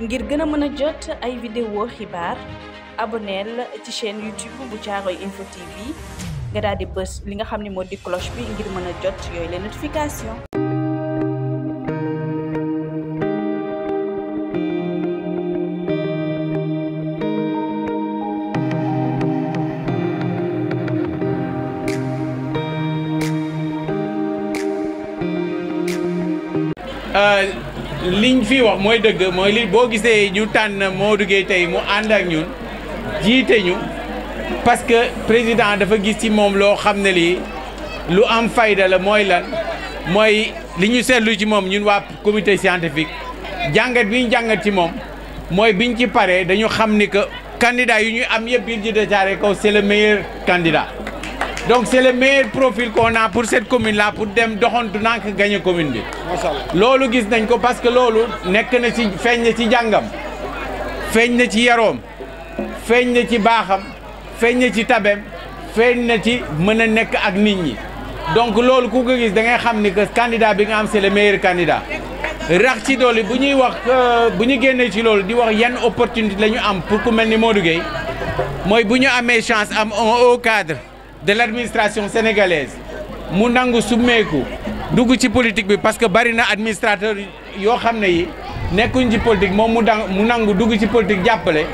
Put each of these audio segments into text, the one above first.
ngir gëna mëna jot ay vidéo xibaar abonnel ci chaîne youtube bu caaroy info tv nga daal di bëss li nga xamni mo di cloche bi ngir mëna jot yoy les notification Uh, liñ fi wax mooy dëgg mooy li boo gisee ñu tànn Modou Gueye tey mu ànd ak ñun jiite ñu parce que président dafa gis ci moom loo xam ne lu am fayda la mooy lan mooy li ñu ci moom ñun waa comité scientifique jàngat bi ñu jàngat ci moom mooy biñ ci paree dañu xam que candidat yu am yëpp biir Djidah Thiaroye Kaw c'est le meilleur candidat donc c'est le meilleur profil qu'on a pour cette commune là pour dem doxantu nank gagner commune bi lolu gis nañ ko parce que lolu nek na ci feeñ na ci jangam feeñ na ci yarom feeñ na ci baxam feeñ na ci tabem feeñ na ci meuna nek ak nit ñi donc lolu ku ko gis da ngay xam ni que candidat bi nga am c'est le meilleur candidat rax ci doli bu ñuy wax euh, bu ñu génné ci lolu di wax yenn opportunité la am pour ku mel ni Modou Gueye moy bu ñu amé chance am un haut cadre de l'administration sénégalaise mu nangu summeeku dugg ci politique bi parce que bari na administrateur yoo xam ne yi nekkuñ ci politique moom mu dang mu nangu dugg ci politique jàppale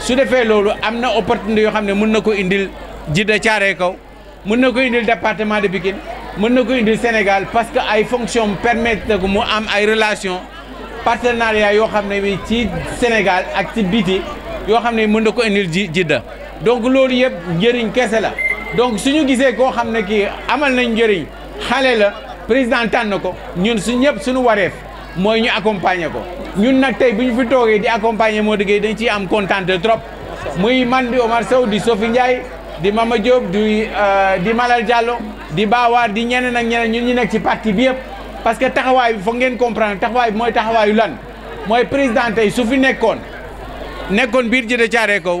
su defee loolu am na opportunité yoo xam ne mën na ko indil Djidda Thiaroye Kaw mën na ko indil département de Pikine mën na ko indil Sénégal parce que ay fonction permettre na mu am ay relation partenariat yoo xam ne bi ci Sénégal ak ci biti yoo xam ne mën na ko indil Djidda donc loolu yëpp njëriñ kese la donc suñu gisee koo xam ne kii amal nañ njëriñ xale la président tànn ko ñun si ñëpp suñu wareef mooy ñu accompagner ko ñun nag tey bu ñu fi toogee di accompagner moo dëggee dañ ciy am kontaan trop muy man di Omar Sow di Sophie Ndiaye di Mama Diop di euh, di Malal Diallo di Baawaar di ñeneen nag ñeneen ñun ñu nag ci parti bi yëpp parce que taxawaay bi ngeen comprendre taxawaay bi mooy taxawaayu lan mooy président tey su fi nekkoon nekkoon biir jëde caaree kaw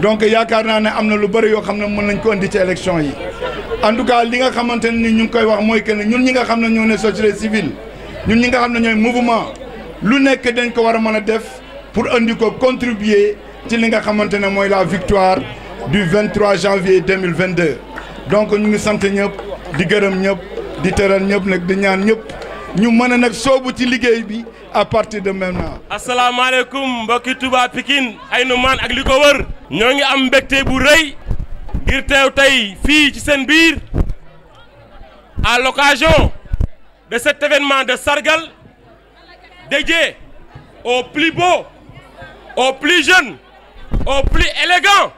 donc yaakaar naa ne am na lu bëri yoo xam ne mën nañ ko indi ci élection yi en tout cas li nga xamante ne ni ñu ngi koy wax mooy que ne ñun ñi nga xam ñoo ne société civile ñun ñi nga xam ne mouvement lu nekk dañ ko war a mën a def pour indi ko contribuer ci li nga xamante ne mooy la victoire du 23 janvier 2022 donc ñu ngi sant ñëpp di gërëm ñëpp di tëral ñëpp nag di ñaan ñëpp ñu mën a nag ci liggéey bi à partir de maintenant. asalaamaaleykum mbokki Touba Pikine ay nu maan ak li wër. Nous am bu la à l'occasion de cet événement de sargal dédié au plus beau, au plus jeune, au plus élégant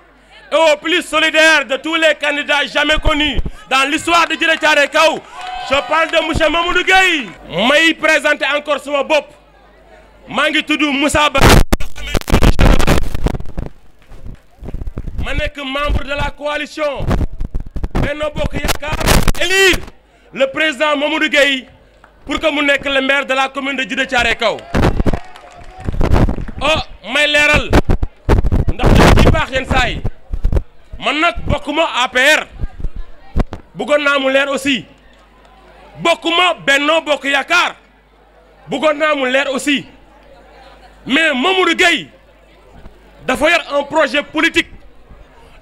et au plus solidaire de tous les candidats jamais connus dans l'histoire de directeur je parle de monsieur Mamadou Gueye vous présenter encore son bob, Moussa que membre de la coalition Benno élire le président Mamadou Gueye pour que mu nekk le maire de la commune de Djidé Thiaroye oh may leeral ndax ne sais pas yenn man nag APR bëggoon naa mu l'air aussi bokkuma Benno Bokk Yaakaar bëggoon aussi mais Mamadou Gueye d'avoir un projet politique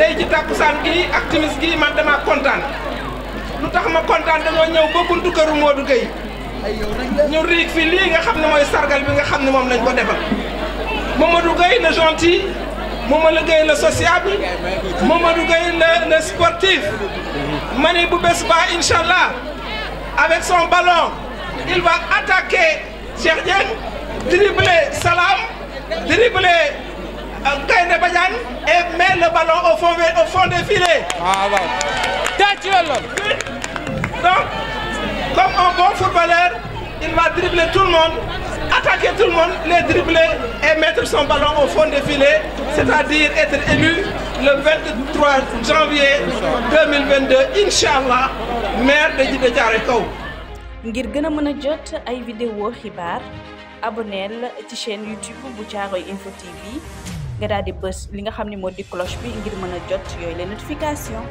tey ci tàkkusaan gi ak timis gi man dama kontaan lu tax ma kontaan dañoo ñëw ba buntu këru Modou Gueye ñu riig fi lii nga xam ne sargal bi nga xam ne moom lañ ko defal Mamadou Gueye le gentil Mamadou Gueye le sociable Mamadou Gueye le le sportif ma ne bu bés ba incha avec son ballon il va attaquer Cheikh dribbler Salam dribbler euh, Gaynde et met le ballon au fond, au fond des filets. Ah, Donc, comme un bon footballeur, il va dribbler tout le monde, attaquer tout le monde, les dribbler et mettre son ballon au fond des filets, c'est-à-dire être élu le 23 janvier 2022, Inch'Allah, maire de Djibé chaîne YouTube Info TV nga daal di bës li nga xam ne moo di cloche bi ngir mën a jot yooyu les notification